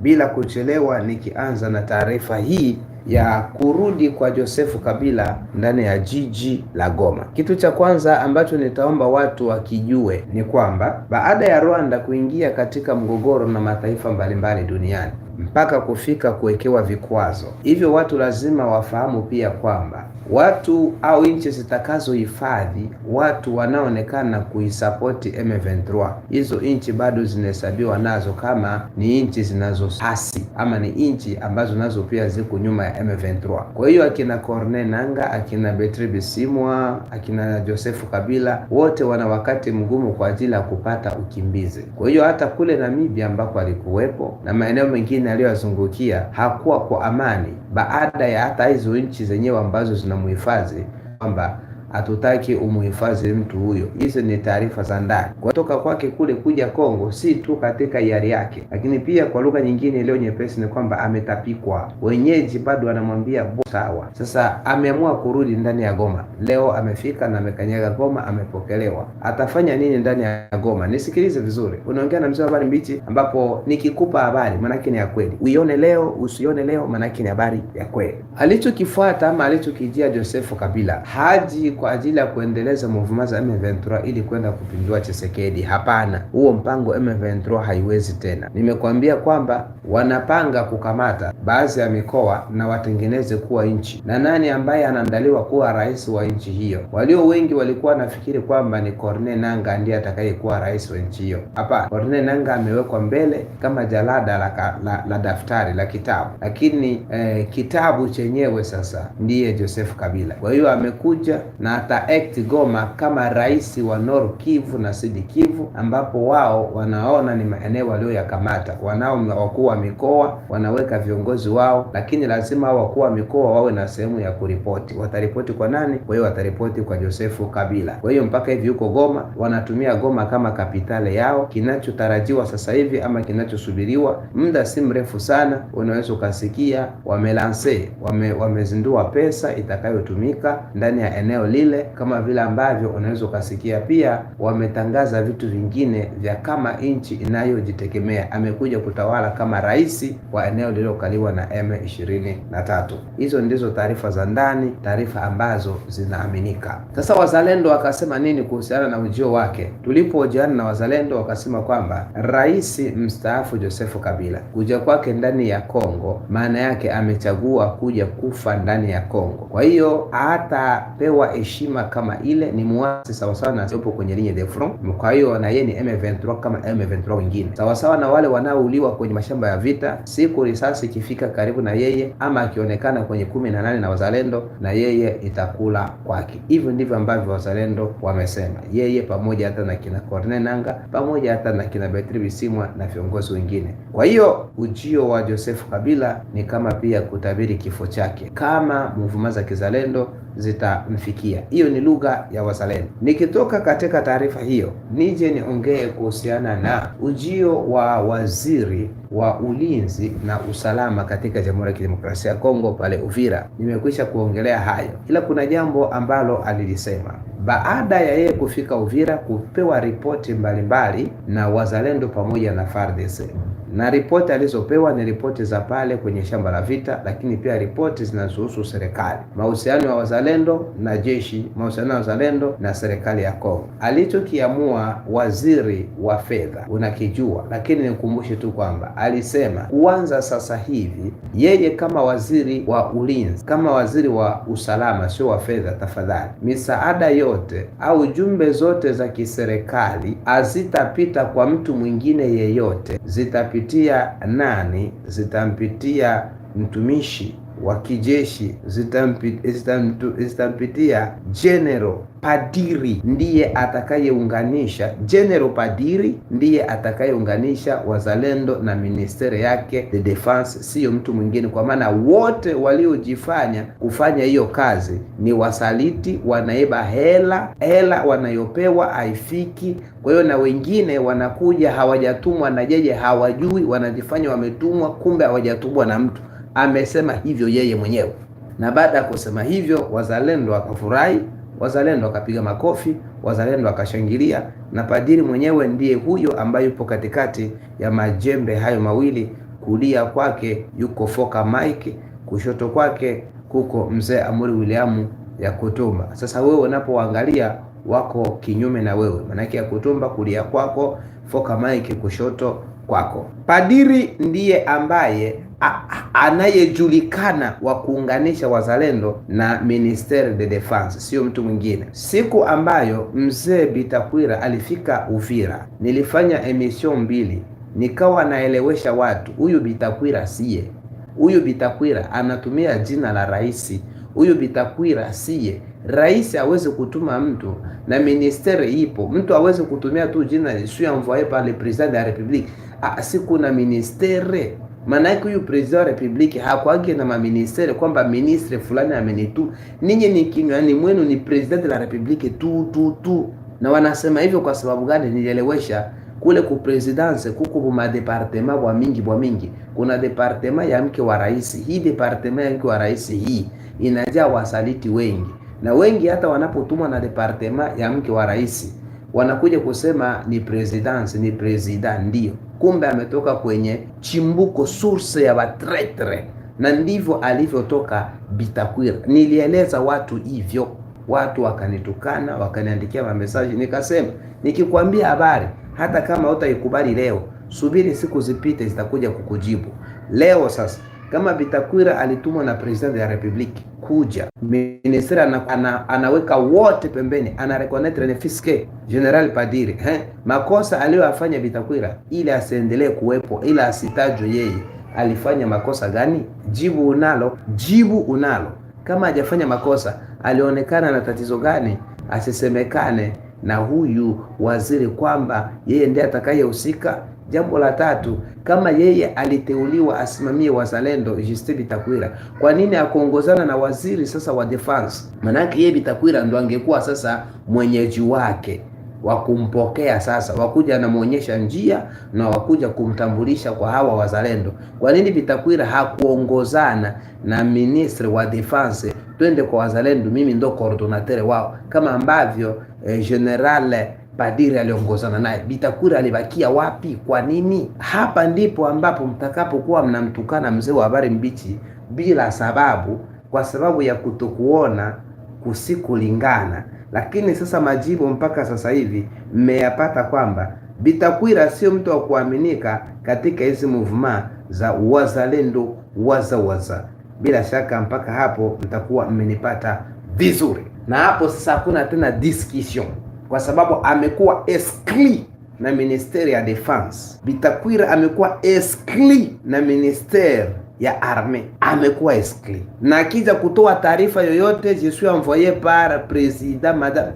bila kuchelewa, nikianza na taarifa hii ya kurudi kwa Josefu Kabila ndani ya jiji la Goma. Kitu cha kwanza ambacho nitaomba watu wakijue ni kwamba baada ya Rwanda kuingia katika mgogoro na mataifa mbalimbali duniani mpaka kufika kuwekewa vikwazo. Hivyo watu lazima wafahamu pia kwamba watu au nchi zitakazohifadhi watu wanaonekana kuisapoti M23, hizo nchi bado zinahesabiwa nazo kama ni nchi zinazohasi ama ni nchi ambazo nazo pia ziko nyuma ya M23. Kwa hiyo akina Corne Nanga, akina Betri Bisimwa, akina Josefu Kabila wote wana wakati mgumu kwa ajili ya kupata ukimbizi. Kwa hiyo hata kule Namibia ambako alikuwepo na maeneo mengine aliyoyazungukia hakuwa kwa amani, baada ya hata hizo nchi zenyewe ambazo zinamhifadhi kwamba hatutaki umuhifadhi mtu huyo. Hizo ni taarifa za ndani kutoka kwake kule kuja Kongo, si tu katika hiari yake, lakini pia kwa lugha nyingine leo nyepesi ni kwamba ametapikwa. Wenyeji bado wanamwambia sawa. Sasa ameamua kurudi ndani ya Goma leo, amefika na amekanyaga Goma, amepokelewa. Atafanya nini ndani ya Goma? Nisikilize vizuri, unaongea na mzee wa habari mbichi, ambapo nikikupa habari manake ni ya kweli, uione leo usione leo, manake ni habari ya kweli. Alichokifuata ama alichokijia josefu Kabila haji kwa ajili ya kuendeleza movement za M23 ili kwenda kupindua chesekedi Hapana, huo mpango M23 haiwezi tena. Nimekuambia kwamba wanapanga kukamata baadhi ya mikoa na watengeneze kuwa nchi, na nani ambaye anaandaliwa kuwa rais wa nchi hiyo? Walio wengi walikuwa nafikiri kwamba ni Corne Nanga ndiye atakayekuwa rais wa nchi hiyo. Hapana, Corne Nanga amewekwa mbele kama jalada la, la, la, la daftari la kitabu, lakini eh, kitabu chenyewe sasa ndiye Joseph Kabila. Kwa hiyo amekuja na na act Goma kama rais wa nor Kivu na Sud Kivu, ambapo wao wanaona ni maeneo walioyakamata. Wanao wakuu wa mikoa wanaweka viongozi wao, lakini lazima wakuu wa mikoa wawe na sehemu ya kuripoti. Wataripoti kwa nani? Kwa hiyo wataripoti kwa Josefu Kabila. Kwa hiyo mpaka hivi huko Goma wanatumia Goma kama kapitale yao. Kinachotarajiwa sasa hivi ama kinachosubiriwa muda si mrefu sana, unaweza ukasikia wamelanse wame, wamezindua pesa itakayotumika ndani ya eneo lile, kama vile ambavyo unaweza ukasikia pia wametangaza vitu vingine vya kama nchi inayojitegemea. Amekuja kutawala kama rais wa eneo lililokaliwa na M23. Hizo ndizo taarifa za ndani, taarifa ambazo zinaaminika. Sasa wazalendo wakasema nini kuhusiana na ujio wake? Tulipohojiana na wazalendo wakasema kwamba rais mstaafu josefu Kabila kuja kwake ndani ya Kongo, maana yake amechagua kuja kufa ndani ya Kongo, kwa hiyo hatapewa heshima kama ile, ni muasi sawasawa na yupo kwenye linye de front. Kwa hiyo na yeye ni M23 kama M23 wengine, sawasawa na wale wanaouliwa kwenye mashamba ya vita. Siku risasi ikifika karibu na yeye ama akionekana kwenye kumi na nane na wazalendo, na yeye itakula kwake. Hivyo ndivyo ambavyo wazalendo wamesema, yeye pamoja hata na kina Corneille Nangaa pamoja hata na kina Bertrand Bisimwa na viongozi wengine. Kwa hiyo ujio wa Joseph Kabila ni kama pia kutabiri kifo chake, kama mvuma za kizalendo zitamfikia. Biblia. Hiyo ni lugha ya Wazalendo. Nikitoka katika taarifa hiyo, nije niongee kuhusiana na ujio wa waziri wa ulinzi na usalama katika Jamhuri ya Kidemokrasia ya Kongo pale Uvira. Nimekwisha kuongelea hayo, ila kuna jambo ambalo alilisema baada ya yeye kufika Uvira kupewa ripoti mbalimbali na wazalendo pamoja na FARDC na ripoti alizopewa ni ripoti za pale kwenye shamba la vita, lakini pia ripoti zinazohusu serikali, mahusiano ya wazalendo na jeshi, mahusiano ya wazalendo na serikali ya Kongo. Alichokiamua waziri wa fedha unakijua, lakini nikumbushe tu kwamba alisema kuanza sasa hivi, yeye kama waziri wa ulinzi, kama waziri wa usalama, sio wa fedha, tafadhali, misaada yote au jumbe zote za kiserikali hazitapita kwa mtu mwingine yeyote, zitapita zitampitia nani? Zitampitia mtumishi wa kijeshi zitampitia General Padiri, ndiye atakayeunganisha General Padiri ndiye atakayeunganisha wazalendo na ministeri yake the defense, siyo mtu mwingine, kwa maana wote waliojifanya kufanya hiyo kazi ni wasaliti, wanaiba hela, hela wanayopewa haifiki. Kwa hiyo na wengine wanakuja hawajatumwa na jeje, hawajui wanajifanya wametumwa, kumbe hawajatumwa na mtu amesema hivyo yeye mwenyewe. Na baada ya kusema hivyo, wazalendo wakafurahi, wazalendo wakapiga makofi, wazalendo wakashangilia, na padiri mwenyewe ndiye huyo ambaye yupo katikati ya majembe hayo mawili. Kulia kwake yuko Foka Mike, kushoto kwake kuko mzee Amuri Williamu kutumba. Sasa wewe unapoangalia wako kinyume na wewe, maanake kutumba kulia kwako, Foka Mike kushoto kwako. Padiri ndiye ambaye anayejulikana wa kuunganisha wazalendo na ministere de defense, sio mtu mwingine. Siku ambayo mzee Bitakwira alifika Uvira, nilifanya emission mbili, nikawa naelewesha watu, huyu Bitakwira siye huyu Bitakwira anatumia jina la rais, huyu Bitakwira siye rais. Aweze kutuma mtu na ministere ipo, mtu aweze kutumia tu jina suya mvoye pale president de la republique, si kuna ministere maana Maanake huyu president wa republiki hakwage na maministeri kwamba ministre fulani amenitu. Ninyi ni kinywa kinywani mwenu ni president la republiki tu tu tu, na wanasema hivyo kwa sababu gani? Nilielewesha kule ku presidence kuko kwa madepartema bwa mingi bwa mingi, kuna departema ya mke wa rais. Hii departema ya mke wa rais hii inajaa wasaliti wengi, na wengi hata wanapotumwa na departema ya mke wa rais wanakuja kusema ni presidence, ni president ndio kumbe ametoka kwenye chimbuko source ya watretre na ndivyo alivyotoka Bitakwira. Nilieleza watu hivyo, watu wakanitukana, wakaniandikia mamesaji. Nikasema nikikwambia habari hata kama utaikubali leo, subiri siku zipite, zitakuja kukujibu. Leo sasa kama Bitakwira alitumwa na president ya republiki kuja ministre ana, ana, anaweka wote pembeni, ana reconnaître ne fiske General Padire eh, makosa aliyoyafanya Bitakwira ili asiendelee kuwepo, ili asitajwe yeye alifanya makosa gani? Jibu unalo, jibu unalo. Kama hajafanya makosa, alionekana na tatizo gani? Asisemekane na huyu waziri kwamba yeye ndiye atakayehusika. Jambo la tatu, kama yeye aliteuliwa asimamie wazalendo Justin Bitakwira, kwa nini akuongozana na waziri sasa wa defense? Maanake yeye Bitakwira ndo angekuwa sasa mwenyeji wake wa kumpokea sasa, wakuja anamwonyesha njia na wakuja kumtambulisha kwa hawa wazalendo. Kwa nini Bitakwira hakuongozana na ministri wa defense, twende kwa wazalendo, mimi ndo coordinateur wao, kama ambavyo eh, general Badiri aliongozana naye, Bitakura alibakia wapi? Kwa nini? Hapa ndipo ambapo mtakapokuwa mnamtukana mzee wa habari mbichi bila sababu, kwa sababu ya kutokuona kusikulingana. Lakini sasa majibu mpaka sasa hivi mmeyapata kwamba Bitakwira sio mtu wa kuaminika katika hizi muvuma za wazalendo waza waza. Bila shaka mpaka hapo mtakuwa mmenipata vizuri, na hapo sasa hakuna tena discussion kwa sababu amekuwa eskli na ministeri ya defense. Bitakwira amekuwa eskli na ministeri ya arme, amekuwa eskli na akija kutoa taarifa yoyote jesu envoye par president madame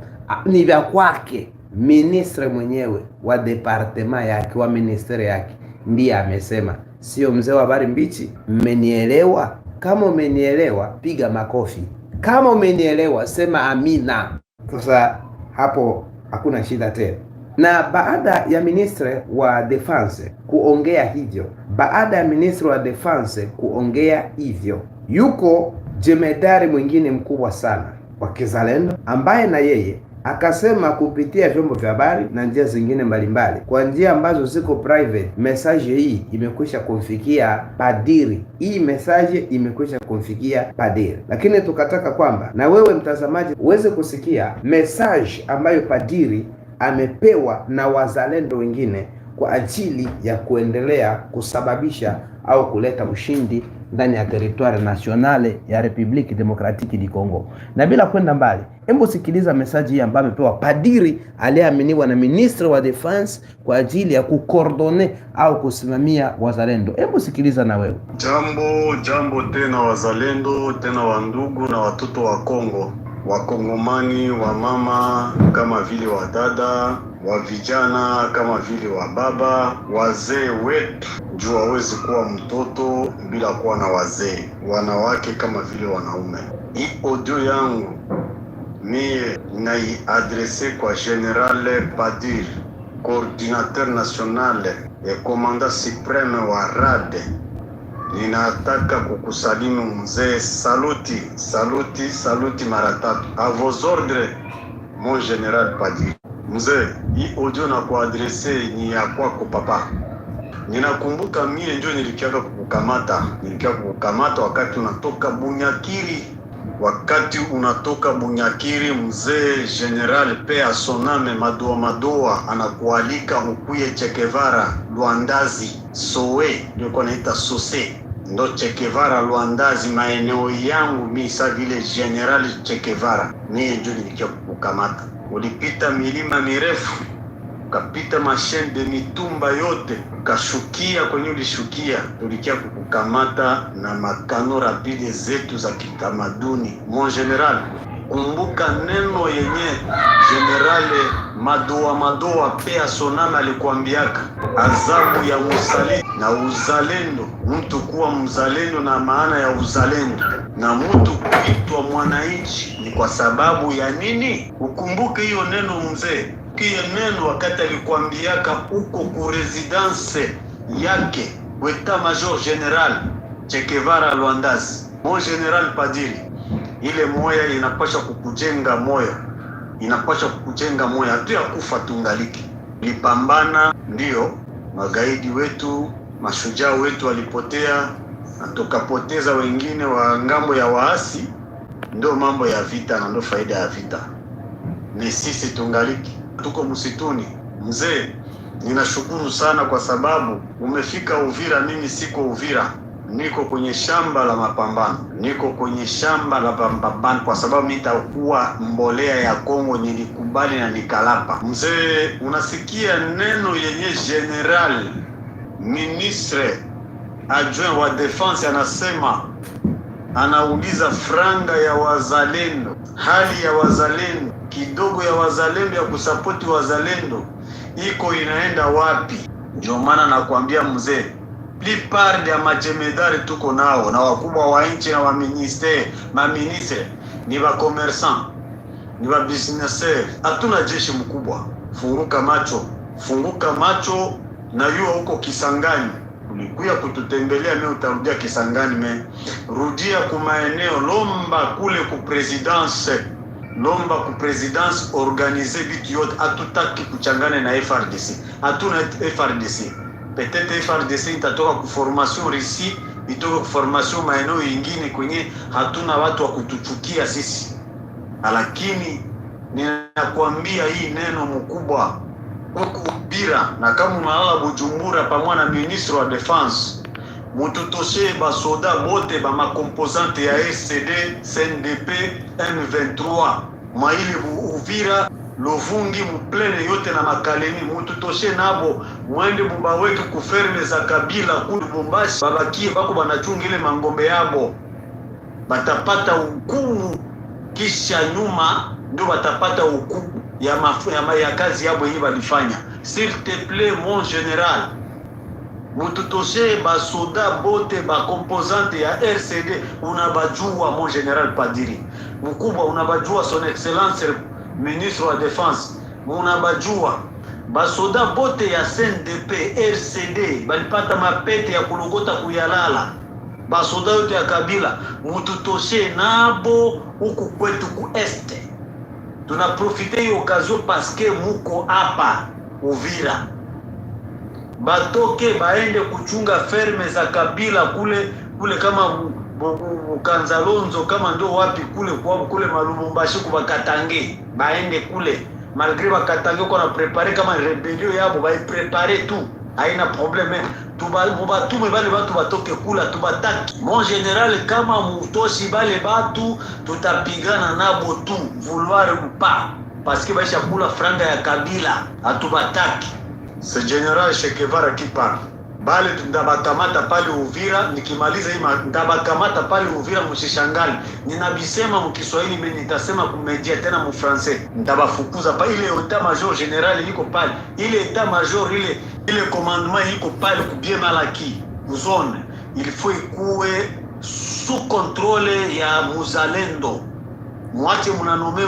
ni vya kwake ministre mwenyewe wa departema yake wa ministeri yake ndiye amesema, sio mzee wa habari mbichi. Mmenielewa? Kama umenielewa piga makofi. Kama umenielewa sema amina. Sasa hapo hakuna shida tena. Na baada ya ministre wa defense kuongea hivyo, baada ya ministre wa defense kuongea hivyo, yuko jemedari mwingine mkubwa sana wa kizalendo ambaye na yeye Akasema kupitia vyombo vya habari na njia zingine mbalimbali, kwa njia ambazo ziko private, message hii imekwisha kumfikia padiri. Hii message imekwisha kumfikia padiri, lakini tukataka kwamba na wewe mtazamaji uweze kusikia message ambayo padiri amepewa na wazalendo wengine kwa ajili ya kuendelea kusababisha au kuleta ushindi ndani ya teritwari nasionale ya Republiki Demokratiki di congo Na bila kwenda mbali Hebu sikiliza mesaji hii ambayo amepewa padiri aliyeaminiwa na ministre wa defense kwa ajili ya kukordone au kusimamia wazalendo. Hebu sikiliza na wewe. Jambo jambo tena wazalendo, tena wandugu na watoto wa Kongo, wakongomani wa mama kama vile wa dada, wa vijana kama vile wa baba, wazee wetu juu hawezi kuwa mtoto bila kuwa na wazee, wanawake kama vile wanaume. Hii audio yangu mie naiadrese kwa General Padir, coordinateur national ya komanda supreme wa Rade. Ninataka kukusalimu mzee. Saluti, saluti, saluti mara tatu. A vos ordres mon General Padir. Mzee, hii audio na kuadrese ni ya kwako papa. Ninakumbuka mie ndio nilikiaka kukukamata, nilikiaka kukukamata wakati unatoka Bunyakiri wakati unatoka Bunyakiri, mzee General pe asoname madoa madoa anakualika ukuye Chekevara Lwandazi soe nilikuwa naita Sose ndo Chekevara Lwandazi maeneo yangu mi, sa vile General Chekevara, mie njo nilikia kukamata, Ulipita milima mirefu ukapita mashembe mitumba yote ukashukia kwenye ulishukia, tulikia kukukamata na makano rapide zetu za kitamaduni. Mon general, kumbuka neno yenye generale madoa madoa pea sonana alikuambiaka azabu ya musaliti na uzalendo, mtu kuwa mzalendo na maana ya uzalendo na mtu kuitwa mwananchi ni kwa sababu ya nini? Ukumbuke hiyo neno mzee neno wakati alikwambiaka uko ku residence yake weta major general Chekevara Lwandazi, mon general padiri, ile moya inapasha kukujenga moyo, inapasha kukujenga moyo, hatu ya kufa tungaliki lipambana. Ndiyo magaidi wetu mashujaa wetu walipotea na tukapoteza wengine wa ngambo ya waasi. Ndio mambo ya vita na ndio faida ya vita, ni sisi tungaliki tuko msituni. Mzee, ninashukuru sana kwa sababu umefika Uvira. Mimi siko Uvira, niko kwenye shamba la mapambano, niko kwenye shamba la mapambano kwa sababu nitakuwa mbolea ya Kongo. Nilikubali na nikalapa. Mzee, unasikia neno yenye general ministre adjoint wa defense anasema anauliza franga ya wazalendo, hali ya wazalendo, kidogo ya wazalendo ya kusapoti wazalendo iko inaenda wapi? Ndio maana nakwambia mzee, plupart ya majemedari tuko nao na wakubwa wa nchi na waministeri maministre ni wakomersan ni wabusinesser. Hatuna jeshi mkubwa. Funguka macho, funguka macho na yuo huko Kisangani ulikuya kututembelea, me utarudia Kisangani, me rudia kumaeneo lomba kule ku presidence, lomba ku presidence organize vitu yote. atutaki kuchangana na FRDC, hatuna FRDC. Peut-être FRDC itatoka ku formation risi, itoka ku formation maeneo yingine kwenye hatuna watu wa kutuchukia sisi, lakini ninakwambia hii neno mkubwa okuubira na kamu malala bujumbura pamwa na ministre wa defense mututoshe basoda bote ba makomposante ya SCD sndp M23 maili buuvira lovungi muplene yote na makalemi mututoshe nabo mwende mubaweke kuferme za kabila kuli bombashi babakie bako banachunga ile mangombe yabo batapata ukuu kisha nyuma ndio batapata ukuu ya, mafu, ya, ya kazi yabo yenye balifanya. S'il te plaît mon général, mututoshe basoda bote bakomposante ya RCD, unabajua mon général Padiri mkubwa, unabajua son excellence ministre wa défense, unabajua basoda bote ya sndp RCD balipata mapete ya kulogota kuyalala basoda yote ya kabila, mututoshe nabo huku kwetu ku este tunaprofite hiyo okazion paske muko hapa Uvira, batoke baende kuchunga ferme za kabila kule kule, kama Mukanzalonzo kama ndio wapi kule kwa kule Malubumbashi kubakatange, baende kule malgre bakatange, kona prepare kama rebelio yabo baiprepare tu haina probleme, tubatume bale batu batoke kula, tubataki mon general. Kama mutosi bale batu, tutapigana nabo tu vouloir upa pas, paske baisha kula franga ya kabila, atubataki Se general Che kipana bali ndabakamata pale Uvira. Nikimaliza hii ndabakamata pale Uvira, msishangali ninabisema mkiswahili mimi nitasema kumejia tena mfrancais, ndabafukuza pa ile etat major general iko pale, ile etat major ile ile commandement iko pale kubie malaki muzone, ilifo ikuwe su controle ya muzalendo, mwache mnanome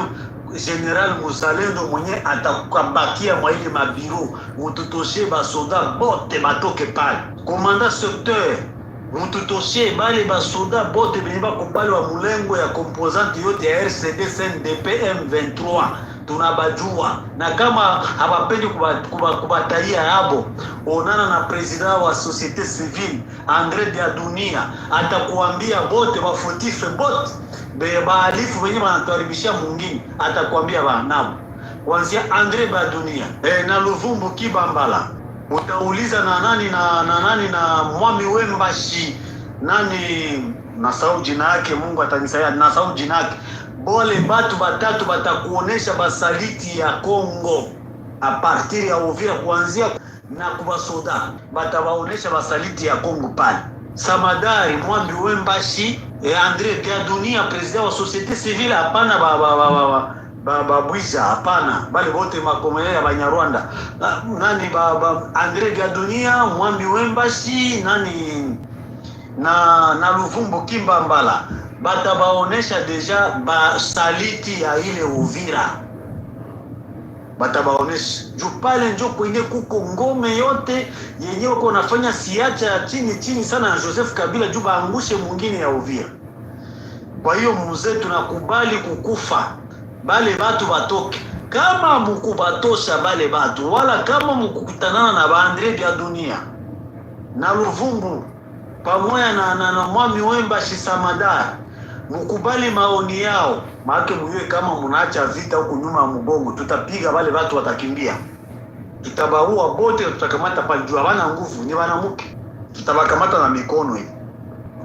general mozalendo mwenye atakambakia mwa ile mabiro mututoshe basoda bote batoke pale komanda secteur mututoshe bale basoda bote benye bakopale wa mulengo ya komposante yote ya rcd cndp m 23 tunabajua, na kama hawapendi kubataia yabo, onana na president wa societe civile Andre Dia Dunia, atakuambia bote bafotife bote baalifu wenye wanatuharibishia mungini, atakuambia baanabu kuanzia Andre Dia Dunia e, na Luvumbu Kibambala, utauliza na nani na, na nani na mwami Wembashi nani nasau jina yake, Mungu atanisaidia, nasahau jina yake Ole batu batatu batakuonesha basaliti ya Kongo apartir ya Uvira kuanzia na kubasoda batabaonesha basaliti ya Kongo pale. Samadari Mwambi Wembashi Andre Pia Dunia, president wa societe civile, hapana bababwisha ba, ba, hapana bale bote makomele ya Banyarwanda nani ba, ba, Andre Pia Dunia Mwambi Wembashi nani na, na Luvumbu Kimbambala batabaonesha deja basaliti ya ile Uvira, batabaonesha juu pale njo kwenye kuko ngome yote yenye uko nafanya siacha ya chini chini sana na Joseph Kabila juu baangushe mwingine ya Uvira. Kwa hiyo mzee, tunakubali kukufa, bale batu batoke kama mukubatosha bale batu wala kama mukukutanana na baandre bya dunia na Luvumbu pamoja na, na, na mwami Wemba Shisamadar mkubali maoni yao, maake mjue kama mnaacha vita huku nyuma ya mgongo, tutapiga wale watu watakimbia, tutabaua bote, tutakamata palijua wana nguvu ni wanamuke, tutabakamata na mikono hii.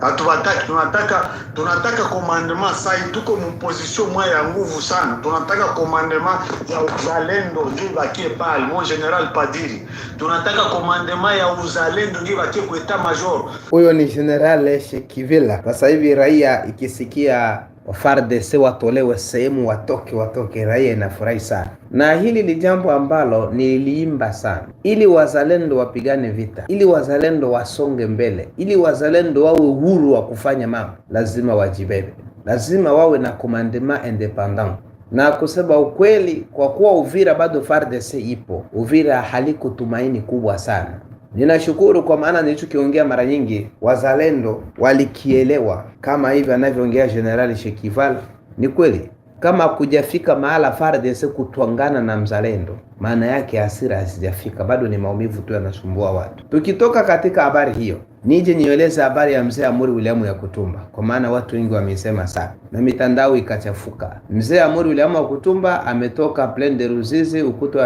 Hatuwataki, ah, tunataka tunataka commandement sai, tuko mposition mwa ya nguvu sana, tunataka commandement ya uzalendo ndio bakie pale mon general Padiri, tunataka commandement ya uzalendo ndio bakie kueta major. Huyo ni general Sheikh Kivila. Sasa hivi raia ikisikia wa FARDC watolewe sehemu, watoke watoke, raia inafurahi sana, na hili ni jambo ambalo niliimba sana, ili wazalendo wapigane vita, ili wazalendo wasonge mbele, ili wazalendo wawe uhuru wa kufanya mambo, lazima wajibebe, lazima wawe na komandema independant na kusema ukweli, kwa kuwa Uvira bado FARDC ipo Uvira, halikutumaini kubwa sana. Ninashukuru kwa maana nilichokiongea mara nyingi wazalendo walikielewa, kama hivyo anavyoongea Generali Shekival. Ni kweli kama kujafika mahala FARDC kutwangana na mzalendo, maana yake hasira hazijafika bado, ni maumivu tu yanasumbua watu. Tukitoka katika habari hiyo, nije nieleze habari ya mzee Amuri William Kutumba, kwa maana watu wengi wamesema sana na mitandao ikachafuka. Mzee Amuri William Kutumba ametoka Plende Ruzizi, ukuta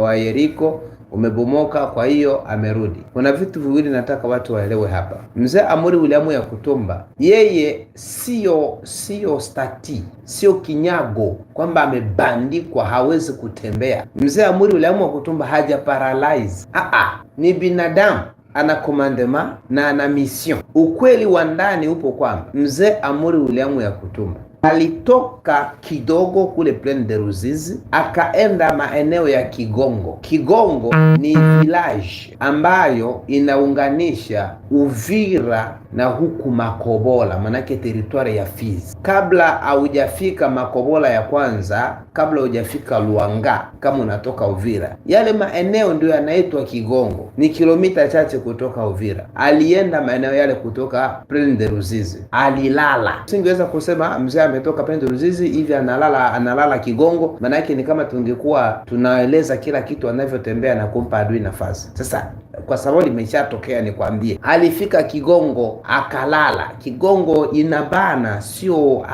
wa Yeriko umebomoka, kwa hiyo amerudi. Kuna vitu viwili nataka watu waelewe hapa. Mzee Amuri Williamu kutumba yeye sio sio stati, sio kinyago kwamba amebandikwa hawezi kutembea. Mzee Amuri Williamu Kutumba haja paralyze. Ah ni binadamu ana komandema na ana mission. Ukweli wa ndani upo kwamba mzee Amuri Williamu kutumba Alitoka kidogo kule plaine de Ruzizi akaenda maeneo ya Kigongo. Kigongo ni village ambayo inaunganisha Uvira na huku Makobola, manake teritwari ya Fizi. Kabla haujafika Makobola ya kwanza, kabla haujafika Luanga, kama unatoka Uvira, yale maeneo ndio yanaitwa Kigongo, ni kilomita chache kutoka Uvira. Alienda maeneo yale kutoka plaine de Ruzizi, alilala. Singeweza kusema mzee ametoka pande Ruzizi hivi analala analala Kigongo, maanake ni kama tungekuwa tunaeleza kila kitu anavyotembea na kumpa adui nafasi. Sasa kwa sababu limeshatokea, nikwambie, alifika Kigongo akalala Kigongo, inabana sio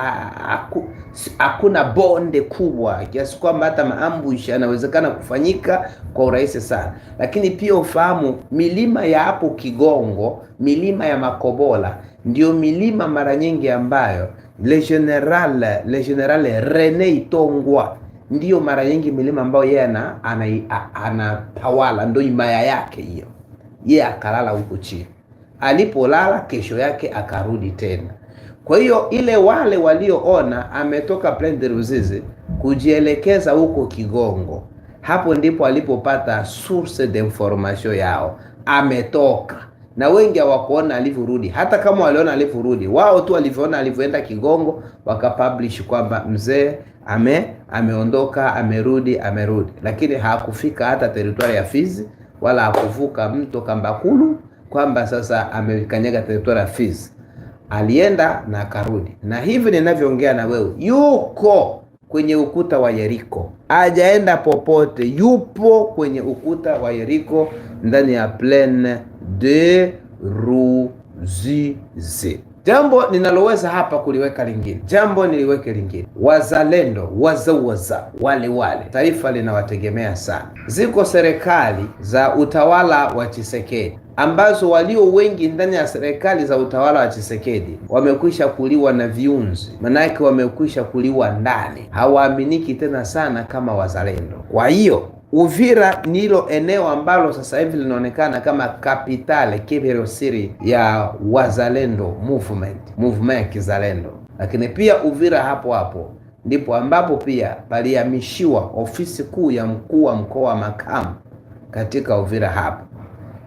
hakuna bonde kubwa kiasi kwamba hata maambush yanawezekana kufanyika kwa urahisi sana, lakini pia ufahamu milima ya hapo Kigongo, milima ya Makobola, ndiyo milima mara nyingi ambayo le general le general Rene Itongwa ndiyo mara nyingi milima ambayo yeye ana anatawala, ana ndio imaya yake hiyo. Yeye akalala huko chini, alipolala kesho yake akarudi tena. Kwa hiyo ile wale walioona ametoka Plaine de Ruzizi kujielekeza huko Kigongo, hapo ndipo alipopata source de information yao, ametoka na wengi hawakuona alivyorudi. Hata kama waliona alivyorudi, wao tu walivyoona alivyoenda Kigongo, wakapublish kwamba mzee ame ameondoka, amerudi, amerudi, lakini hakufika hata teritwari ya Fizi wala hakuvuka mto Kambakulu kwamba sasa amekanyaga teritwari ya Fizi. Alienda na akarudi, na hivi ninavyoongea na wewe yuko kwenye ukuta wa Yeriko, hajaenda popote, yupo kwenye ukuta wa Yeriko ndani ya Plaine de Ruzizi. Jambo ninaloweza hapa kuliweka lingine, jambo niliweke lingine, wazalendo wazawaza wale wale, taifa linawategemea sana. Ziko serikali za utawala wa Chisekedi ambazo walio wengi ndani ya serikali za utawala wa Chisekedi wamekwisha kuliwa na viunzi, manake wamekwisha kuliwa ndani, hawaaminiki tena sana kama wazalendo. Kwa hiyo Uvira nilo eneo ambalo sasa hivi linaonekana kama kapitale siri ya wazalendo movement, movement ya kizalendo. Lakini pia Uvira hapo hapo ndipo ambapo pia palihamishiwa ofisi kuu ya mkuu wa mkoa wa makamu katika Uvira hapo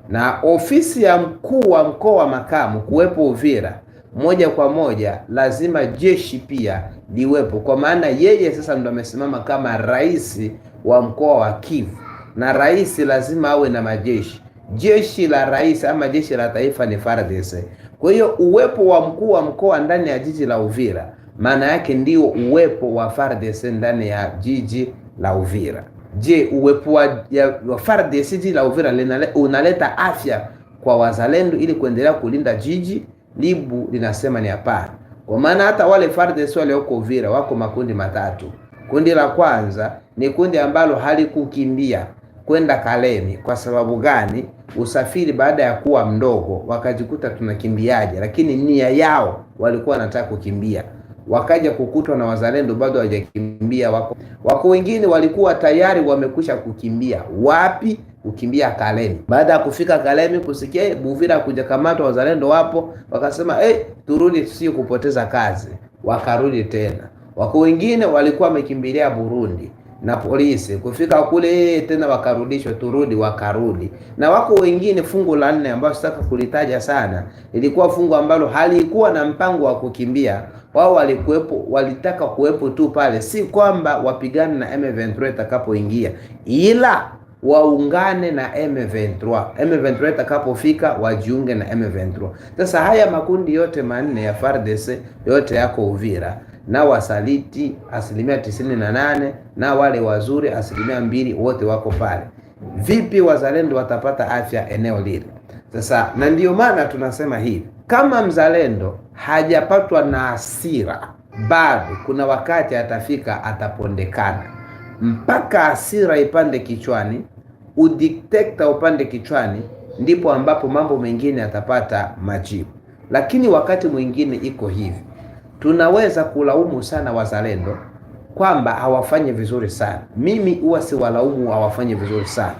na ofisi ya mkuu wa mkoa wa makamu kuwepo Uvira, moja kwa moja lazima jeshi pia liwepo, kwa maana yeye sasa ndo amesimama kama rais wa mkoa wa Kivu, na rais lazima awe na majeshi. Jeshi la rais ama jeshi la taifa ni FARDC. Kwa hiyo uwepo wa mkuu wa mkoa ndani ya jiji la Uvira maana yake ndio uwepo wa FARDC ndani ya jiji la Uvira. Je, uwepo wa, wa FARDC jiji la Uvira unaleta afya kwa wazalendo ili kuendelea kulinda jiji? Libu linasema ni hapana, kwa maana hata wale FARDC walioko Uvira wako makundi matatu. Kundi la kwanza ni kundi ambalo halikukimbia kwenda Kalemi. Kwa sababu gani? Usafiri baada ya kuwa mdogo, wakajikuta tunakimbiaje, lakini nia yao walikuwa wanataka kukimbia wakaja kukutwa na wazalendo bado hawajakimbia. Wako wako wengine walikuwa tayari wamekwisha kukimbia. Wapi? Kukimbia Kalemi. Baada ya kufika Kalemi, kusikia eh, Buvira kuja kamatwa, wazalendo wapo, wakasema hey, eh, turudi sio kupoteza kazi, wakarudi tena. Wako wengine walikuwa wamekimbilia Burundi na polisi kufika kule tena wakarudishwa, turudi, wakarudi. Na wako wengine, fungu la nne ambao sitaka kulitaja sana, ilikuwa fungu ambalo halikuwa na mpango wa kukimbia. Wao walikuwepo, walitaka kuwepo tu pale, si kwamba wapigane na M23 itakapoingia ila waungane na M23. M23 itakapofika wajiunge na M23. Sasa haya makundi yote manne ya FARDC yote yako Uvira na wasaliti asilimia tisini na nane na wale wazuri asilimia mbili, wote wako pale. Vipi wazalendo watapata afya eneo lile? Sasa na ndiyo maana tunasema hivi, kama mzalendo hajapatwa na hasira bado, kuna wakati atafika atapondekana, mpaka hasira ipande kichwani, udiktekta upande kichwani, ndipo ambapo mambo mengine atapata majibu. Lakini wakati mwingine iko hivi tunaweza kulaumu sana wazalendo kwamba hawafanyi vizuri sana. Mimi huwa si walaumu hawafanyi vizuri sana,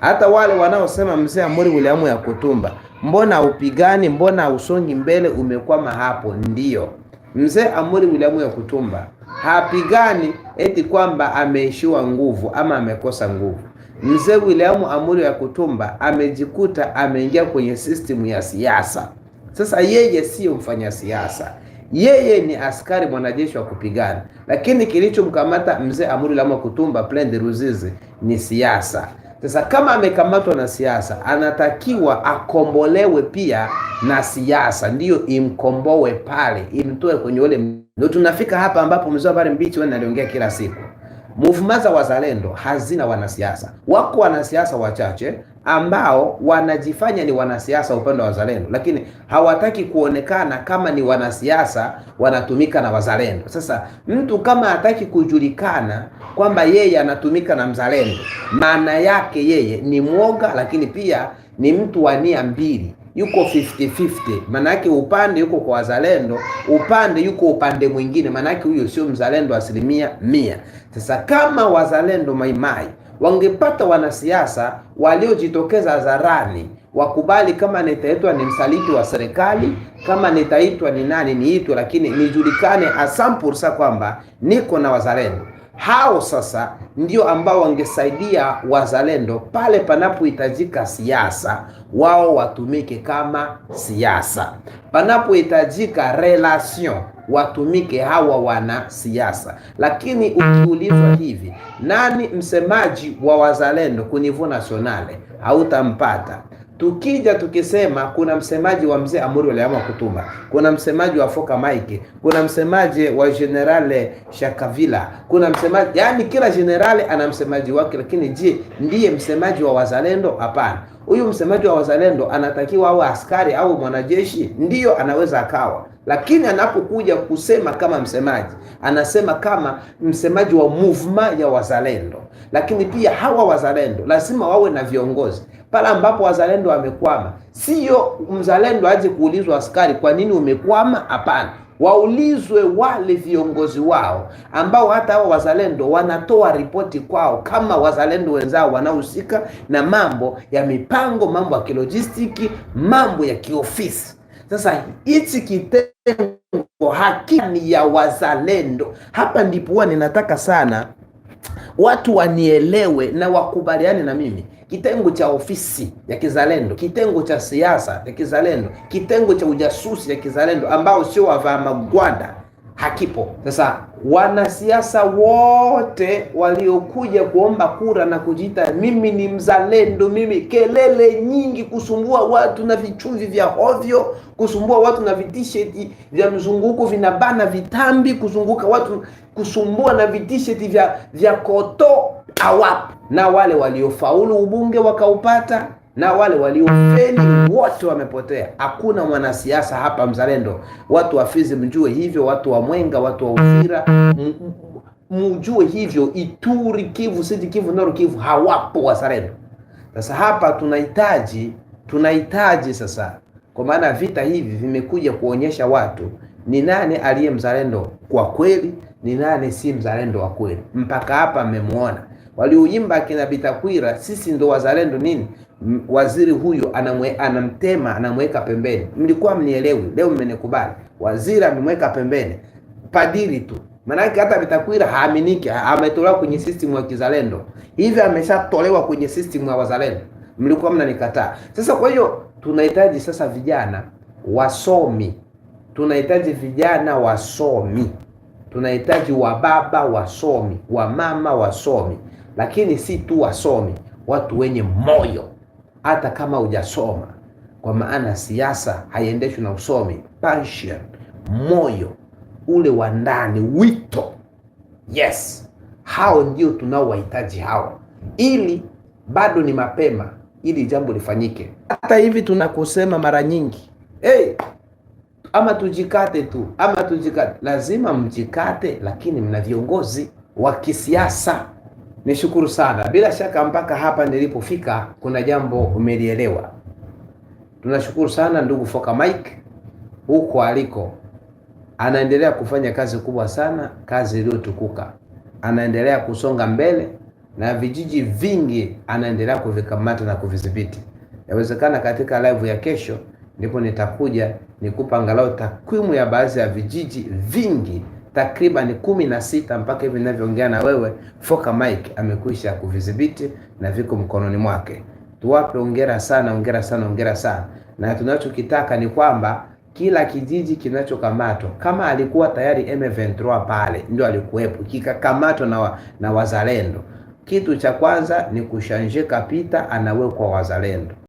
hata wale wanaosema mzee Amuri William ya Kutumba, mbona upigani, mbona usongi mbele, umekwama hapo. ndio mzee Amuri William ya Kutumba hapigani eti kwamba ameishiwa nguvu ama amekosa nguvu. Mzee William Amuri ya Kutumba amejikuta ameingia kwenye system ya siasa. Sasa yeye siyo mfanya siasa. Yeye ni askari mwanajeshi wa kupigana, lakini kilichomkamata mzee Amuri Lamwa Kutumba Plaine de Ruzizi ni siasa. Sasa kama amekamatwa na siasa, anatakiwa akombolewe pia na siasa, ndiyo imkomboe pale, imtoe kwenye ule. Ndio tunafika hapa ambapo mzee wa habari mbichi wewe kila siku. Movement za wazalendo hazina wanasiasa. Wako wanasiasa wachache ambao wanajifanya ni wanasiasa upande wa wazalendo, lakini hawataki kuonekana kama ni wanasiasa, wanatumika na wazalendo. Sasa mtu kama hataki kujulikana kwamba yeye anatumika na mzalendo, maana yake yeye ni mwoga, lakini pia ni mtu wa nia mbili yuko 50-50, maana yake upande yuko kwa wazalendo, upande yuko upande mwingine, maana yake huyo sio mzalendo asilimia mia. Sasa kama wazalendo maimai wangepata wanasiasa waliojitokeza hadharani wakubali kama nitaitwa ni msaliti wa serikali, kama nitaitwa ni nani niitwe, lakini nijulikane asampursa kwamba niko na wazalendo. Hao sasa ndio ambao wangesaidia wazalendo pale panapohitajika siasa, wao watumike kama siasa, panapohitajika relation watumike hawa wana siasa. Lakini ukiulizwa hivi, nani msemaji wa wazalendo kunivu nationale, hautampata. Tukija tukisema kuna msemaji wa mzee Amuri waliamua kutuma, kuna msemaji wa Foka Mike, kuna msemaji wa Generale Shakavila, kuna msemaji yani, kila generale ana msemaji wake. Lakini je, ndiye msemaji wa wazalendo? Hapana. Huyu msemaji wa wazalendo anatakiwa awe askari au mwanajeshi, ndiyo anaweza akawa, lakini anapokuja kusema kama msemaji, anasema kama msemaji wa movement ya wazalendo. Lakini pia hawa wazalendo lazima wawe na viongozi pale ambapo wazalendo wamekwama. Sio mzalendo aje kuulizwa askari, kwa nini umekwama? Hapana, waulizwe wale viongozi wao ambao hata hao wazalendo wanatoa ripoti kwao, kama wazalendo wenzao wanahusika na mambo ya mipango, mambo ya kilojistiki, mambo ya kiofisi. Sasa hichi kitengo hakini ya wazalendo. Hapa ndipo huwa ninataka sana watu wanielewe na wakubaliane na mimi kitengo cha ofisi ya kizalendo, kitengo cha siasa ya kizalendo, kitengo cha ujasusi ya kizalendo, ambao sio wavaa magwanda hakipo. Sasa wanasiasa wote waliokuja kuomba kura na kujiita mimi ni mzalendo, mimi, kelele nyingi, kusumbua watu na vichuvi vya hovyo, kusumbua watu na vitisheti vya mzunguko vinabana vitambi, kuzunguka watu, kusumbua na vitisheti vya, vya koto awapo na wale waliofaulu ubunge wakaupata na wale waliofeli wote wamepotea. Hakuna mwanasiasa hapa mzalendo. Watu wa Fizi mjue hivyo, watu wa Mwenga, watu wa Uvira mjue hivyo, Ituri, Kivu, Sidi Kivu, Nord Kivu, hawapo wazalendo. Sasa hapa tunahitaji tunahitaji sasa, kwa maana vita hivi vimekuja kuonyesha watu ni nani aliye mzalendo kwa kweli, ni nani si mzalendo wa kweli. Mpaka hapa mmemwona walioimba akina Bitakwira, sisi ndo wazalendo nini. Waziri huyo anamwe, anamtema anamweka pembeni. Mlikuwa mnielewi, leo mmenikubali. Waziri amemweka pembeni, padiri tu Manake hata Bitakwira haaminiki, ametolewa kwenye system ya kizalendo, hivi ameshatolewa kwenye system ya wazalendo. Mlikuwa mnanikataa. Sasa kwa hiyo tunahitaji sasa vijana wasomi, tunahitaji vijana wasomi, tunahitaji wababa wasomi, wamama wasomi. Lakini si tu wasomi, watu wenye moyo, hata kama hujasoma, kwa maana siasa haiendeshwi na usomi. Passion, moyo ule wa ndani, wito. Yes, hao ndio tunao wahitaji hao, ili bado ni mapema, ili jambo lifanyike. Hata hivi tunakusema mara nyingi hey, ama tujikate tu, ama tujikate. Lazima mjikate, lakini mna viongozi wa kisiasa Nishukuru sana. Bila shaka mpaka hapa nilipofika kuna jambo umelielewa. Tunashukuru sana ndugu Foka Mike huko aliko. Anaendelea kufanya kazi kubwa sana, kazi iliyotukuka. Anaendelea kusonga mbele na vijiji vingi anaendelea kuvikamata na kuvidhibiti. Yawezekana katika live ya kesho ndipo nitakuja nikupa angalau takwimu ya baadhi ya vijiji vingi takriban kumi na sita mpaka hivi ninavyoongea na wewe, Foka Mike amekwisha kuvidhibiti na viko mkononi mwake. Tuwape ongera sana, ongera sana, ongera sana, na tunachokitaka ni kwamba kila kijiji kinachokamatwa kama alikuwa tayari M23 pale ndio alikuwepo, kikakamatwa na, na wazalendo, kitu cha kwanza ni kushanjeka pita, anawekwa wazalendo.